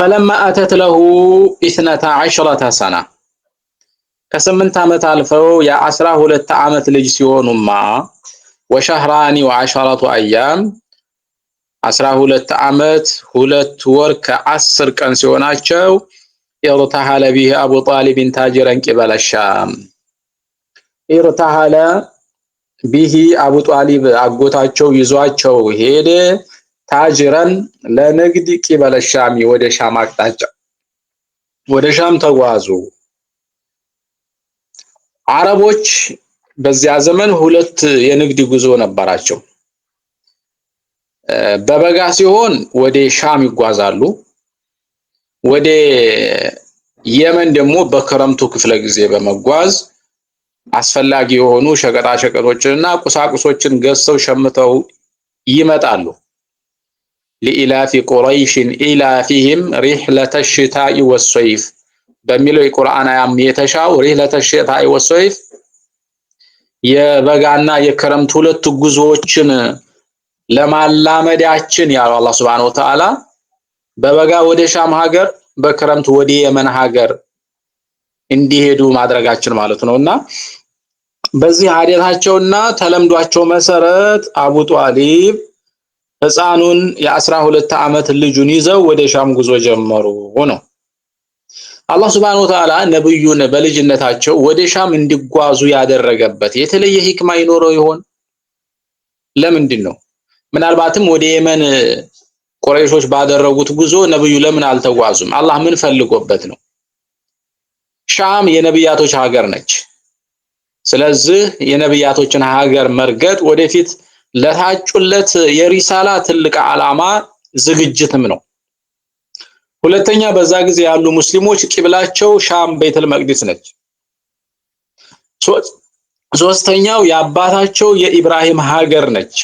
ፈለማ አተት ለሁ ኢስነታ ዐሽረተ ሰና ከስምንት ዓመት አልፈው የአስራ ሁለት ዓመት ልጅ ሲሆኑማ ወሸህራኒ ወዐሸረቱ አያም አስራ ሁለት ዓመት ሁለት ወር ከአስር ቀን ሲሆናቸው ኢርተሐለ ቢህ አቡ ጣሊብን ታጅረን ቂበለ ሻም ኢርተሐለ ቢህ አቡ ጣሊብ አጎታቸው ይዟቸው ሄደ። ታጅረን ለንግድ ቂበለ ሻሚ ወደ ሻም አቅጣጫ ወደ ሻም ተጓዙ። አረቦች በዚያ ዘመን ሁለት የንግድ ጉዞ ነበራቸው። በበጋ ሲሆን ወደ ሻም ይጓዛሉ። ወደ የመን ደግሞ በክረምቱ ክፍለ ጊዜ በመጓዝ አስፈላጊ የሆኑ ሸቀጣ ሸቀጦችንና ቁሳቁሶችን ገዝተው ሸምተው ይመጣሉ። ሊኢላፊ ቁረይሽን ኢላፊህም ሪህለተ ሽታኢ ወሶይፍ በሚለው የቁርአን አያም የተሻው ሪህለተ ሽታኢ ወሶይፍ የበጋና የክረምት ሁለት ጉዞዎችን ለማላመዳችን ያለው አላህ Subhanahu Wa በበጋ ወደ ሻም ሀገር በክረምት ወደ የመን ሀገር እንዲሄዱ ማድረጋችን ማለት ነውና በዚህ አደታቸውና ተለምዷቸው መሰረት አቡ ጧሊብ ህፃኑን የአስራ ሁለት ዓመት ልጁን ይዘው ወደ ሻም ጉዞ ጀመሩ ነው። አላህ ሱብሓነሁ ወተዓላ ነብዩን በልጅነታቸው ወደ ሻም እንዲጓዙ ያደረገበት የተለየ ህክማ ይኖረው ይሆን? ለምንድን ነው? ምናልባትም ወደ የመን ቁረይሾች ባደረጉት ጉዞ ነብዩ ለምን አልተጓዙም? አላህ ምን ፈልጎበት ነው? ሻም የነብያቶች ሀገር ነች። ስለዚህ የነብያቶችን ሀገር መርገጥ ወደፊት ለታጩለት የሪሳላ ትልቅ ዓላማ ዝግጅትም ነው። ሁለተኛ በዛ ጊዜ ያሉ ሙስሊሞች ቂብላቸው ሻም ቤተል መቅዲስ ነች። ሶስተኛው የአባታቸው የኢብራሂም ሀገር ነች።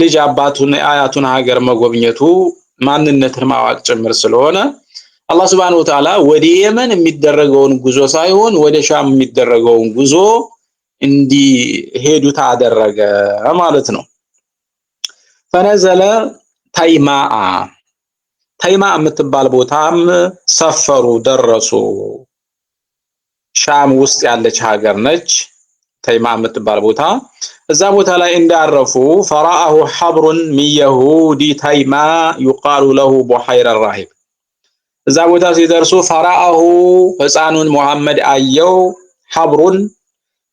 ልጅ አባቱን አያቱን ሀገር መጎብኘቱ ማንነትን ማዋቅ ጭምር ስለሆነ አላህ ሱብሃነሁ ወተዓላ ወደ የመን የሚደረገውን ጉዞ ሳይሆን ወደ ሻም የሚደረገውን ጉዞ እንዲሄዱ ታደረገ ማለት ነው። ፈነዘለ ተይማአ ተይማ የምትባል ቦታም ሰፈሩ ደረሱ። ሻም ውስጥ ያለች ሀገር ነች ተይማ የምትባል ቦታ። እዛ ቦታ ላይ እንዳረፉ ፈራአሁ ሐብሩን ሚን የሁዲ ተይማ ዩቃሉ ለሁ ቡሐይረ ራሂብ። እዛ ቦታ ሲደርሱ ፈራአሁ ህፃኑን ሙሐመድ አየው ሐብሩን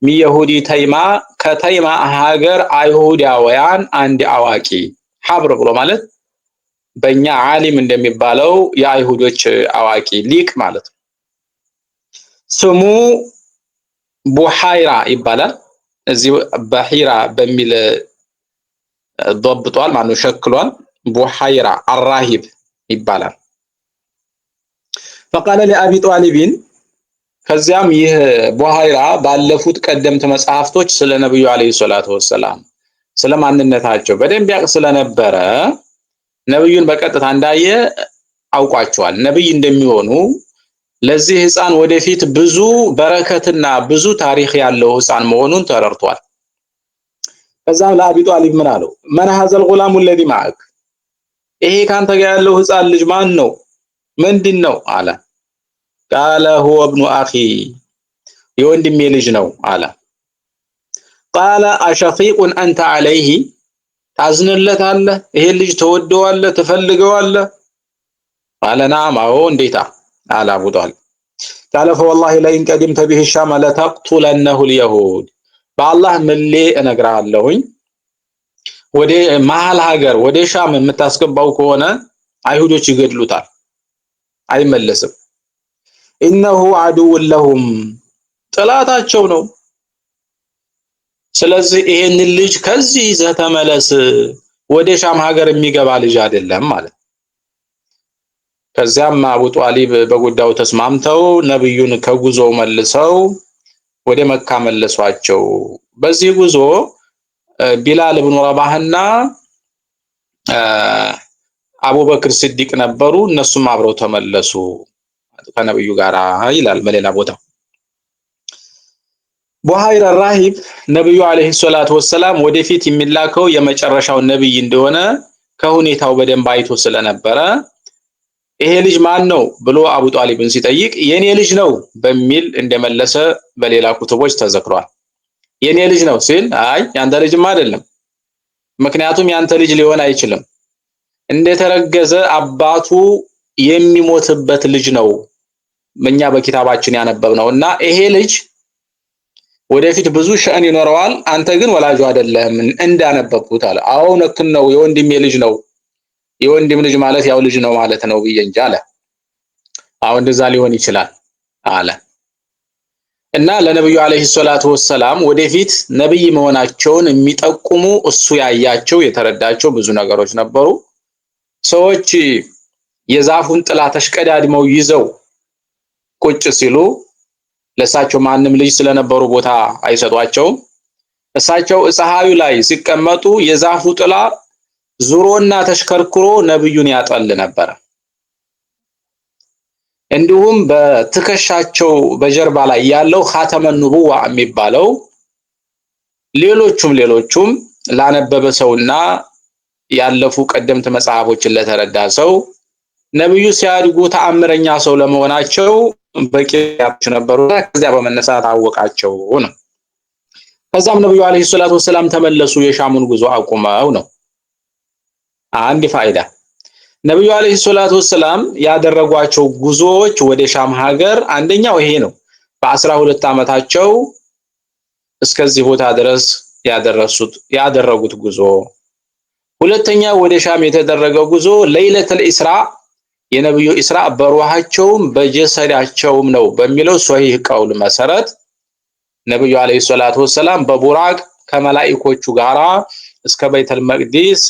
ሚየሁዲ ተይማ ከተይማ ሀገር አይሁዳውያን አንድ አዋቂ ሀብር ብሎ ማለት በእኛ ዓሊም እንደሚባለው የአይሁዶች አዋቂ ሊቅ ማለት ነው። ስሙ ቡሃይራ ይባላል። እዚህ በሂራ በሚል ዶብጧል ማለት ነው፣ ሸክሏል። ቡሃይራ አራሂብ ይባላል። ፈቃለ ለአቢ ጧሊቢን ከዚያም ይህ ቡሃይራ ባለፉት ቀደምት መጽሐፍቶች ስለ ነብዩ አለይሂ ሰላቱ ወሰላም ስለ ማንነታቸው በደንብ ያውቅ ስለነበረ ነብዩን በቀጥታ እንዳየ አውቋቸዋል። ነብይ እንደሚሆኑ ለዚህ ህፃን ወደፊት ብዙ በረከትና ብዙ ታሪክ ያለው ህፃን መሆኑን ተረድቷል። ከዛም ለአቢ ጧሊብ ምን አለው? መን ሀዘል ጉላሙ ለዲ ማዕክ፣ ይሄ ካንተ ጋር ያለው ህፃን ልጅ ማን ነው? ምንድን ነው አለ ቃለ ሁወ ብኑ አኺ የወንድሜ ልጅ ነው አለ። ቃለ አሸፊቁን አንተ አለይህ ታዝንለታለህ? ይሄን ልጅ ተወደዋለህ? ትፈልገዋለህ? ቃለ ናም፣ አዎ እንዴታ አለ አቡ ጣልብ። ቃለ ፈወላሂ ለኢን ቀዲምተ ቢሂ ሻመ ለተቅቱለነሁ ልየሁድ፣ በአላህ ምሌ እነግርሃለሁኝ ወደ መሀል ሀገር ወደ ሻም የምታስገባው ከሆነ አይሁዶች ይገድሉታል፣ አይመለስም ኢነሁ አድውን ለሁም ጥላታቸው ነው። ስለዚህ ይሄንን ልጅ ከዚህ ይዘህ ተመለስ፣ ወደ ሻም ሀገር የሚገባ ልጅ አይደለም ማለት ነው። ከዚያም አቡ ጧሊብ በጉዳዩ ተስማምተው ነብዩን ከጉዞ መልሰው ወደ መካ መለሷቸው። በዚህ ጉዞ ቢላል ብኑ ረባህና አቡበክር ስዲቅ ነበሩ። እነሱም አብረው ተመለሱ። ከነብዩ ጋር ይላል በሌላ ቦታ። ቡሃይራ ራሂብ ነብዩ አለይሂ ሰላቱ ወሰላም ወደፊት የሚላከው የመጨረሻው ነብይ እንደሆነ ከሁኔታው በደንብ አይቶ ስለነበረ ይሄ ልጅ ማን ነው ብሎ አቡ ጣሊብን ሲጠይቅ የኔ ልጅ ነው በሚል እንደመለሰ በሌላ ኩቱቦች ተዘክሯል። የኔ ልጅ ነው ሲል አይ ያንተ ልጅም አይደለም፣ ምክንያቱም ያንተ ልጅ ሊሆን አይችልም እንደተረገዘ አባቱ የሚሞትበት ልጅ ነው እኛ በኪታባችን ያነበብነው እና ይሄ ልጅ ወደፊት ብዙ ሸእን ይኖረዋል፣ አንተ ግን ወላጁ አይደለህም እንዳነበብኩት አለ። አዎ እውነቱን ነው፣ የወንድሜ ልጅ ነው። የወንድም ልጅ ማለት ያው ልጅ ነው ማለት ነው ብዬ እንጂ አለ። አሁን እንደዛ ሊሆን ይችላል አለ እና ለነብዩ አለይሂ ሰላቱ ወሰላም ወደፊት ነብይ መሆናቸውን የሚጠቁሙ እሱ ያያቸው የተረዳቸው ብዙ ነገሮች ነበሩ። ሰዎች የዛፉን ጥላ ተሽቀዳድመው ይዘው ቁጭ ሲሉ ለእሳቸው ማንም ልጅ ስለነበሩ ቦታ አይሰጧቸውም። እሳቸው ፀሐዩ ላይ ሲቀመጡ የዛፉ ጥላ ዙሮና ተሽከርክሮ ነብዩን ያጠል ነበር። እንዲሁም በትከሻቸው በጀርባ ላይ ያለው ኻተመ ኑቡዋ የሚባለው ሌሎቹም ሌሎቹም ላነበበ ሰውና ያለፉ ቀደምት መጽሐፎችን ለተረዳ ሰው ነብዩ ሲያድጉ ተአምረኛ ሰው ለመሆናቸው በቂ ያብሽ ነበሩ። ከዚያ በመነሳት አወቃቸው ነው። ከዛም ነብዩ አለይሂ ሰላቱ ወሰላም ተመለሱ፣ የሻሙን ጉዞ አቁመው ነው። አንድ ፋይዳ ነብዩ አለይሂ ሰላቱ ወሰላም ያደረጓቸው ጉዞዎች ወደ ሻም ሀገር አንደኛው ይሄ ነው። በአስራ ሁለት ዓመታቸው እስከዚህ ቦታ ድረስ ያደረሱት ያደረጉት ጉዞ። ሁለተኛ ወደ ሻም የተደረገው ጉዞ ለይለተል ኢስራ የነብዩ ኢስራ በሩሃቸውም በጀሰዳቸውም ነው በሚለው ሶሂህ ቀውል መሰረት ነብዩ አለይሂ ሰላቱ ወሰላም በቡራቅ ከመላኢኮቹ ጋራ እስከ ቤተል መቅዲስ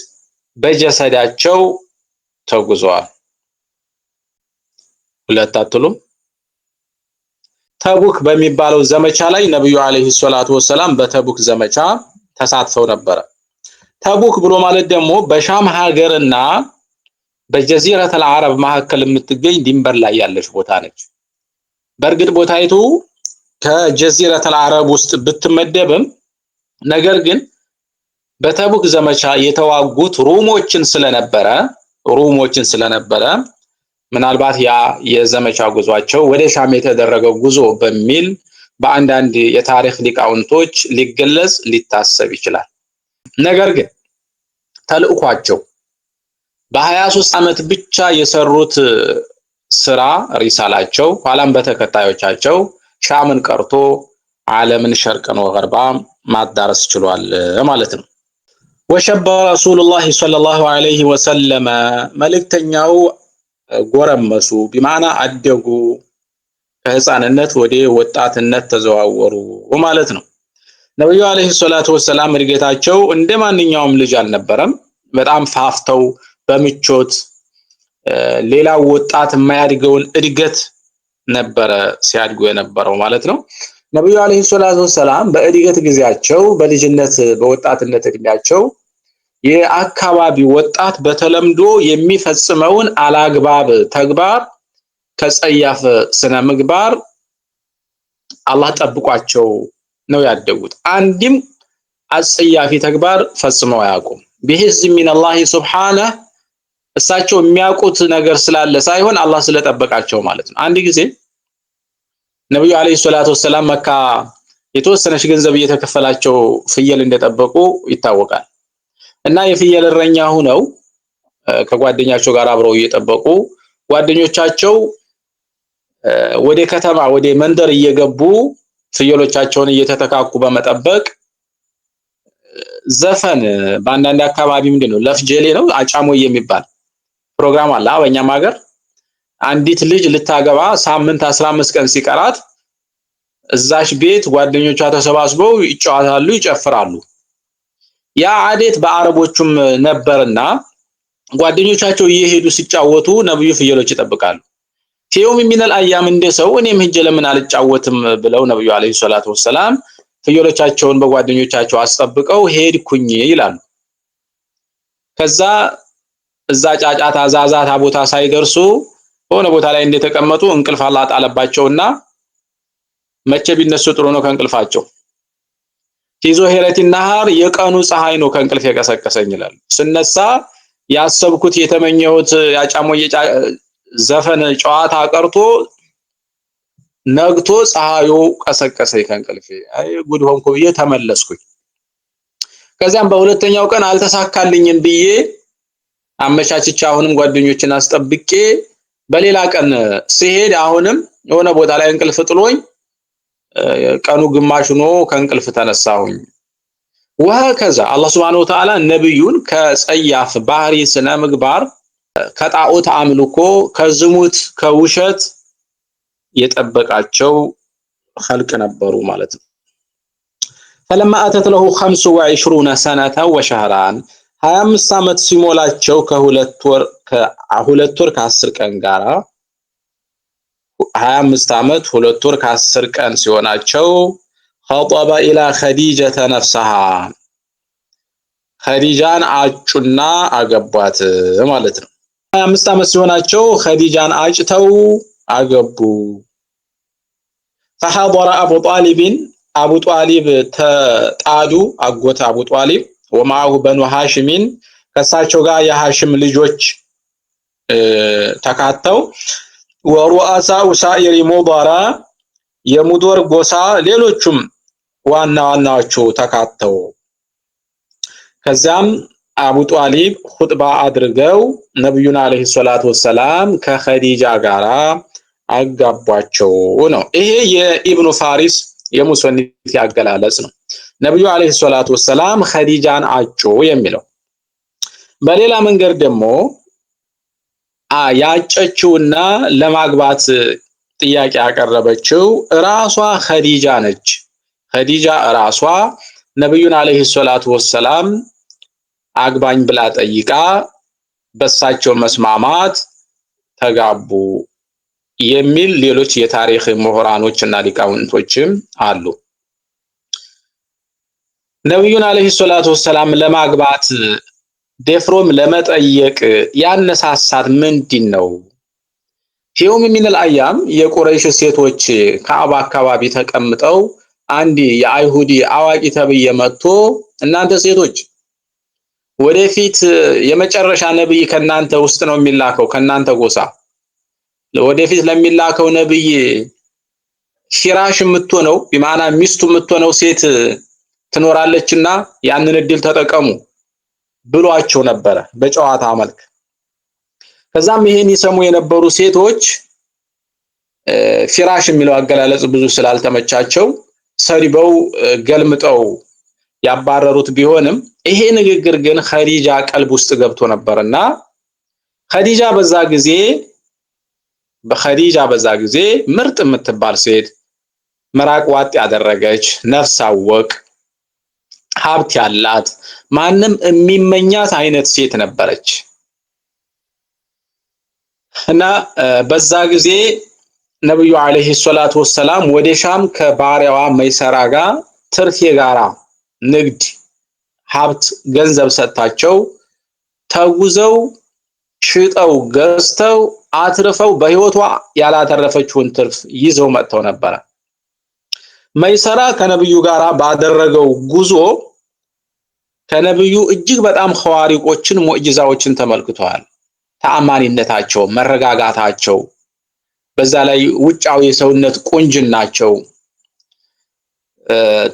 በጀሰዳቸው ተጉዘዋል። ሁለት አትሉም? ተቡክ በሚባለው ዘመቻ ላይ ነብዩ አለይሂ ሰላቱ ወሰላም በተቡክ ዘመቻ ተሳትፈው ነበረ። ተቡክ ብሎ ማለት ደግሞ በሻም ሀገርና በጀዚረተል አረብ መካከል የምትገኝ ድንበር ላይ ያለች ቦታ ነች። በእርግጥ ቦታይቱ ከጀዚረተል አረብ ውስጥ ብትመደብም ነገር ግን በተቡክ ዘመቻ የተዋጉት ሩሞችን ስለነበረ ሩሞችን ስለነበረ ምናልባት ያ የዘመቻ ጉዟቸው ወደ ሻም የተደረገው ጉዞ በሚል በአንዳንድ የታሪክ ሊቃውንቶች ሊገለጽ ሊታሰብ ይችላል። ነገር ግን ተልእኳቸው በ23 ዓመት ብቻ የሰሩት ስራ ሪሳላቸው ኋላም በተከታዮቻቸው ሻምን ቀርቶ ዓለምን ሸርቅን ወገርባ ማዳረስ ችሏል ማለት ነው። ወሸበ ረሱሉላሂ ሰለላሁ ዐለይሂ ወሰለመ መልእክተኛው ጎረመሱ፣ ቢማና አደጉ፣ ከህፃንነት ወደ ወጣትነት ተዘዋወሩ ማለት ነው። ነብዩ ዐለይሂ ሰላቱ ወሰላም እድገታቸው እንደ ማንኛውም ልጅ አልነበረም። በጣም ፋፍተው በምቾት ሌላው ወጣት የማያድገውን እድገት ነበረ ሲያድጉ የነበረው ማለት ነው። ነቢዩ አለይሂ ሰላቱ ወሰላም በእድገት ጊዜያቸው በልጅነት በወጣትነት እድሜያቸው የአካባቢ ወጣት በተለምዶ የሚፈጽመውን አላግባብ ተግባር ከጸያፍ ስነ ምግባር አላህ ጠብቋቸው ነው ያደጉት። አንድም አጸያፊ ተግባር ፈጽመው አያውቁም። ቢሂዝ ሚነላሂ ሱብሓነሁ እሳቸው የሚያውቁት ነገር ስላለ ሳይሆን አላህ ስለጠበቃቸው ማለት ነው። አንድ ጊዜ ነብዩ አለይሂ ሰላቱ ወሰላም መካ የተወሰነች ገንዘብ እየተከፈላቸው ፍየል እንደጠበቁ ይታወቃል። እና የፍየል እረኛ ሆነው ከጓደኛቸው ጋር አብረው እየጠበቁ ጓደኞቻቸው ወደ ከተማ ወደ መንደር እየገቡ ፍየሎቻቸውን እየተተካኩ በመጠበቅ ዘፈን በአንዳንድ አካባቢ ምንድን ነው ለፍጀሌ ነው አጫሞ የሚባል ፕሮግራም አለ በእኛም ሀገር አንዲት ልጅ ልታገባ ሳምንት 15 ቀን ሲቀራት እዛሽ ቤት ጓደኞቿ ተሰባስበው ይጫወታሉ፣ ይጨፍራሉ። ያ አዴት በአረቦቹም ነበርና ጓደኞቻቸው እየሄዱ ሲጫወቱ ነብዩ ፍየሎች ይጠብቃሉ። ፊየውም ሚነል አያም እንደ ሰው እኔም ሂጄ ለምን አልጫወትም ብለው ነብዩ አለይሂ ሰላቱ ወሰላም ፍየሎቻቸውን በጓደኞቻቸው አስጠብቀው ሄድኩኝ ይላሉ። ከዛ እዛ ጫጫታ ዛዛታ ቦታ ሳይደርሱ በሆነ ቦታ ላይ እንደተቀመጡ እንቅልፍ አላህ ጣለባቸውና መቼ ቢነሱ ጥሩ ነው ከእንቅልፋቸው? ፊዞ ሄረቲ ናሃር የቀኑ ፀሐይ ነው ከእንቅልፍ የቀሰቀሰኝ ይላል። ስነሳ ያሰብኩት የተመኘሁት ያጫሞ ዘፈን ጨዋታ ቀርቶ ነግቶ ፀሐዩ ቀሰቀሰኝ ከእንቅልፌ። አይ ጉድ ሆንኩ ብዬ ተመለስኩኝ። ከዚያም በሁለተኛው ቀን አልተሳካልኝም ብዬ አመቻችቼ አሁንም ጓደኞችን አስጠብቄ በሌላ ቀን ስሄድ አሁንም የሆነ ቦታ ላይ እንቅልፍ ጥሎኝ ቀኑ ግማሽ ሆኖ ከእንቅልፍ ተነሳሁኝ። ከዛ አላህ ሱብሐነሁ ወተዓላ ነብዩን ከጸያፍ ባህሪ ስነ ምግባር ከጣዖት አምልኮ ከዝሙት ከውሸት የጠበቃቸው ኸልቅ ነበሩ ማለት ነው። ፈለማ አተት ለሁ 25 ሰነተ ወሸህራን ሀያ አምስት ዓመት ሲሞላቸው ከሁለት ወር ከሁለት ወር ከአስር ቀን ጋራ ሀያ አምስት ዓመት ሁለት ወር ከአስር ቀን ሲሆናቸው ኸጠበ ኢላ ኸዲጀተ ነፍሰሃ ኸዲጃን አጩና አገቧት ማለት ነው። ሀያ አምስት ዓመት ሲሆናቸው ኸዲጃን አጭተው አገቡ። ፈሐበረ አቡ ጣሊብን አቡ ጣሊብ ተጣዱ አጎት አቡ ጣሊብ ወማሁ በኑ ሐሽሚን ከእሳቸው ጋር የሐሽም ልጆች ተካተው ወሩአሳ ሳኢሪ ሙዳራ የሙዶር ጎሳ ሌሎቹም ዋና ዋናዎቹ ተካተው ከዚያም አቡ ጧሊብ ኹጥባ አድርገው ነብዩን አለይሂ ሰላቱ ወሰላም ከኸዲጃ ጋራ አጋቧቸው ነው። ይሄ የኢብኑ ፋሪስ የሙሰኒት ያገላለጽ ነው። ነብዩ አለይሂ ሰላቱ ወሰላም ኸዲጃን አጩ የሚለው በሌላ መንገድ ደግሞ ያጨችውና ለማግባት ጥያቄ ያቀረበችው ራሷ ኸዲጃ ነች። ኸዲጃ ራሷ ነብዩን አለይሂ ሰላቱ ወሰላም አግባኝ ብላ ጠይቃ በሳቸው መስማማት ተጋቡ የሚል ሌሎች የታሪክ ምሁራኖች እና ሊቃውንቶችም አሉ። ነቢዩን አለይሂ ሰላቱ ወሰላም ለማግባት ደፍሮም ለመጠየቅ ያነሳሳት ምንድን ነው? ፊውም ሚነል አያም የቁረይሽ ሴቶች ከአባ አካባቢ ተቀምጠው አንድ የአይሁዲ አዋቂ ተብዬ መጥቶ እናንተ ሴቶች ወደፊት የመጨረሻ ነብይ ከናንተ ውስጥ ነው የሚላከው፣ ከናንተ ጎሳ ወደፊት ለሚላከው ነብይ ፊራሽ የምትሆነው ቢማና ሚስቱ የምትሆነው ሴት ትኖራለችና ያንን እድል ተጠቀሙ ብሏቸው ነበረ በጨዋታ መልክ። ከዛም ይሄን ይሰሙ የነበሩ ሴቶች ፊራሽ የሚለው አገላለጽ ብዙ ስላልተመቻቸው ሰሪበው ገልምጠው ያባረሩት ቢሆንም ይሄ ንግግር ግን ኸዲጃ ቀልብ ውስጥ ገብቶ ነበርና ኸዲጃ በዛ ጊዜ በኸዲጃ በዛ ጊዜ ምርጥ የምትባል ሴት ምራቅ ዋጥ ያደረገች ነፍስ አወቅ ሀብት ያላት ማንም የሚመኛት አይነት ሴት ነበረች እና በዛ ጊዜ ነብዩ አለይሂ ሰላቱ ወሰላም ወደ ሻም ከባሪያዋ መይሰራ ጋር ትርፍ የጋራ ንግድ ሀብት ገንዘብ ሰጥታቸው ተጉዘው ሽጠው ገዝተው አትርፈው በህይወቷ ያላተረፈችውን ትርፍ ይዘው መጥተው ነበረ። መይሰራ ከነብዩ ጋራ ባደረገው ጉዞ ከነብዩ እጅግ በጣም ኸዋሪቆችን ሙዕጅዛዎችን ተመልክተዋል። ተአማኒነታቸው፣ መረጋጋታቸው፣ በዛ ላይ ውጫዊ የሰውነት ቁንጅናቸው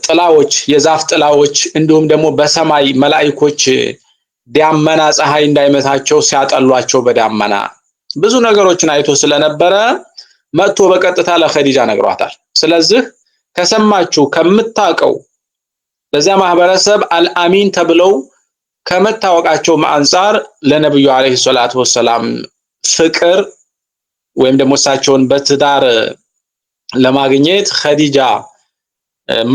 ጥላዎች፣ የዛፍ ጥላዎች እንዲሁም ደግሞ በሰማይ መላኢኮች ዳመና ፀሐይ እንዳይመታቸው ሲያጠሏቸው በዳመና ብዙ ነገሮችን አይቶ ስለነበረ መጥቶ በቀጥታ ለኸዲጃ ነግሯታል። ስለዚህ ከሰማችሁ ከምታውቀው ለዚያ ማህበረሰብ አልአሚን ተብለው ከመታወቃቸው አንጻር ለነብዩ አለይሂ ሰላቱ ወሰላም ፍቅር ወይም ደግሞ እሳቸውን በትዳር ለማግኘት ኸዲጃ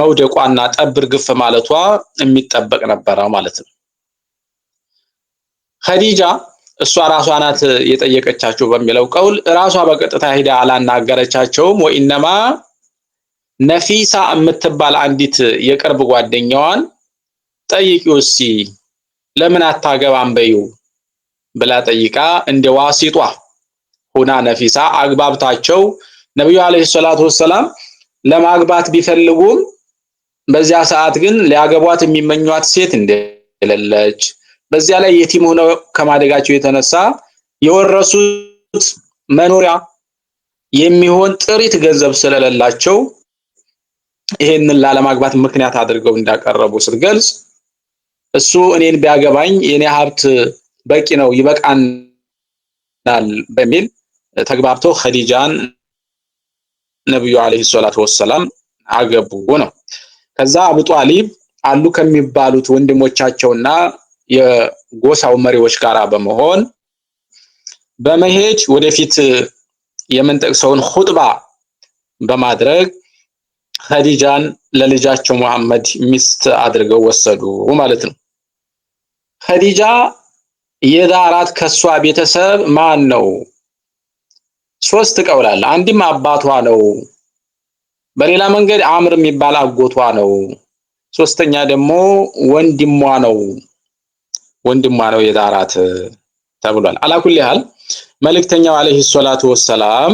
መውደቋና ጠብር ግፍ ማለቷ የሚጠበቅ ነበረ ማለት ነው። ኸዲጃ እሷ ራሷ ናት የጠየቀቻቸው በሚለው ቀውል ራሷ በቀጥታ ሂዳ አላናገረቻቸውም ወኢነማ ነፊሳ የምትባል አንዲት የቅርብ ጓደኛዋን ጠይቂው እስቲ ለምን አታገባም በይው ብላ ጠይቃ እንደ ዋሲጧ ሁና ነፊሳ አግባብታቸው ነቢዩ አለይሂ ሰላቱ ወሰላም ለማግባት ቢፈልጉም በዚያ ሰዓት ግን ሊያገቧት የሚመኟት ሴት እንደሌለች በዚያ ላይ የቲም ሆነው ከማደጋቸው የተነሳ የወረሱት መኖሪያ የሚሆን ጥሪት ገንዘብ ስለሌላቸው ይሄንን ላለማግባት ምክንያት አድርገው እንዳቀረቡ ስትገልጽ እሱ እኔን ቢያገባኝ የኔ ሀብት በቂ ነው ይበቃናል በሚል ተግባብቶ ኸዲጃን ነብዩ አለይሂ ሰላቱ ወሰላም አገቡ ነው። ከዛ አቡ ጧሊብ አሉ ከሚባሉት ወንድሞቻቸውና የጎሳው መሪዎች ጋር በመሆን በመሄድ ወደፊት የምንጠቅሰውን ሁጥባ በማድረግ ኸዲጃን ለልጃቸው መሐመድ ሚስት አድርገው ወሰዱ ማለት ነው። ኸዲጃ የዳራት ከሷ ቤተሰብ ማን ነው? ሶስት ቀውላል። አንድም አባቷ ነው፣ በሌላ መንገድ አምር የሚባል አጎቷ ነው፣ ሶስተኛ ደግሞ ወንድሟ ነው። ወንድሟ ነው የዳራት ተብሏል። አላኩል ያህል መልእክተኛው አለይሂ ሰላቱ ወሰላም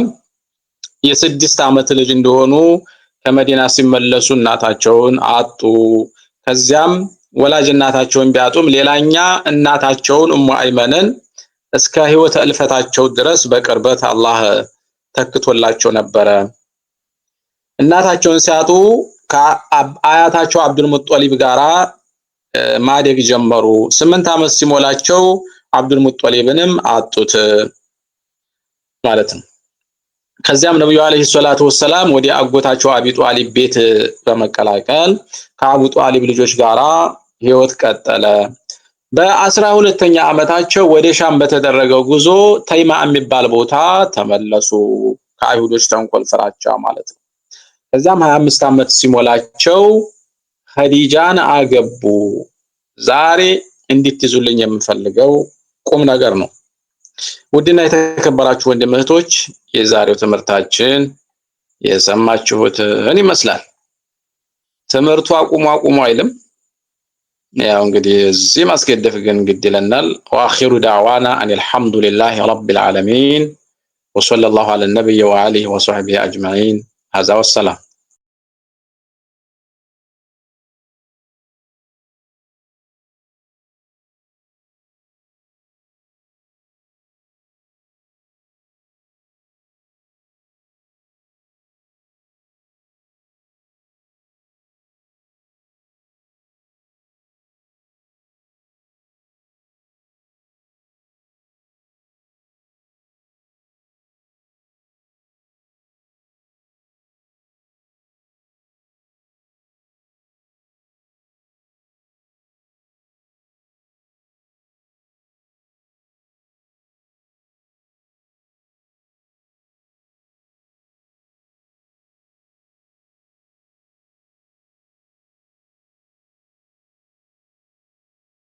የስድስት ዓመት ልጅ እንደሆኑ ከመዲና ሲመለሱ እናታቸውን አጡ። ከዚያም ወላጅ እናታቸውን ቢያጡም ሌላኛ እናታቸውን እሙ አይመንን እስከ ህይወት እልፈታቸው ድረስ በቅርበት አላህ ተክቶላቸው ነበረ። እናታቸውን ሲያጡ ከአያታቸው አብዱል ሙጠሊብ ጋራ ማደግ ጀመሩ። ስምንት ዓመት ሲሞላቸው አብዱል ሙጠሊብንም አጡት ማለት ነው። ከዚያም ነብዩ አለይሂ ሰላቱ ወሰላም ወደ አጎታቸው አቢ ጧሊብ ቤት በመቀላቀል ከአቡ ጧሊብ ልጆች ጋራ ህይወት ቀጠለ። በአስራ ሁለተኛ ዓመታቸው ወደ ሻም በተደረገው ጉዞ ተይማ የሚባል ቦታ ተመለሱ። ከአይሁዶች ተንኮል ፍራቻ ማለት ነው። ከዚያም 25 ዓመት ሲሞላቸው ኸዲጃን አገቡ። ዛሬ እንድትይዙልኝ የምፈልገው ቁም ነገር ነው። ውድና የተከበራችሁ ወንድም እህቶች የዛሬው ትምህርታችን የሰማችሁትን ይመስላል። ትምህርቱ አቁሙ አቁሙ አይልም። ያው እንግዲህ እዚህ ማስገደፍ ግን ግድ ይለናል። ወአኺሩ ዳዕዋና አን አልሐምዱሊላሂ ረቢል ዓለሚን ወሰለላሁ ዐላ ነቢይ ወአሊሂ ወሰሕቢሂ አጅመዒን። ሀዛ ወሰላም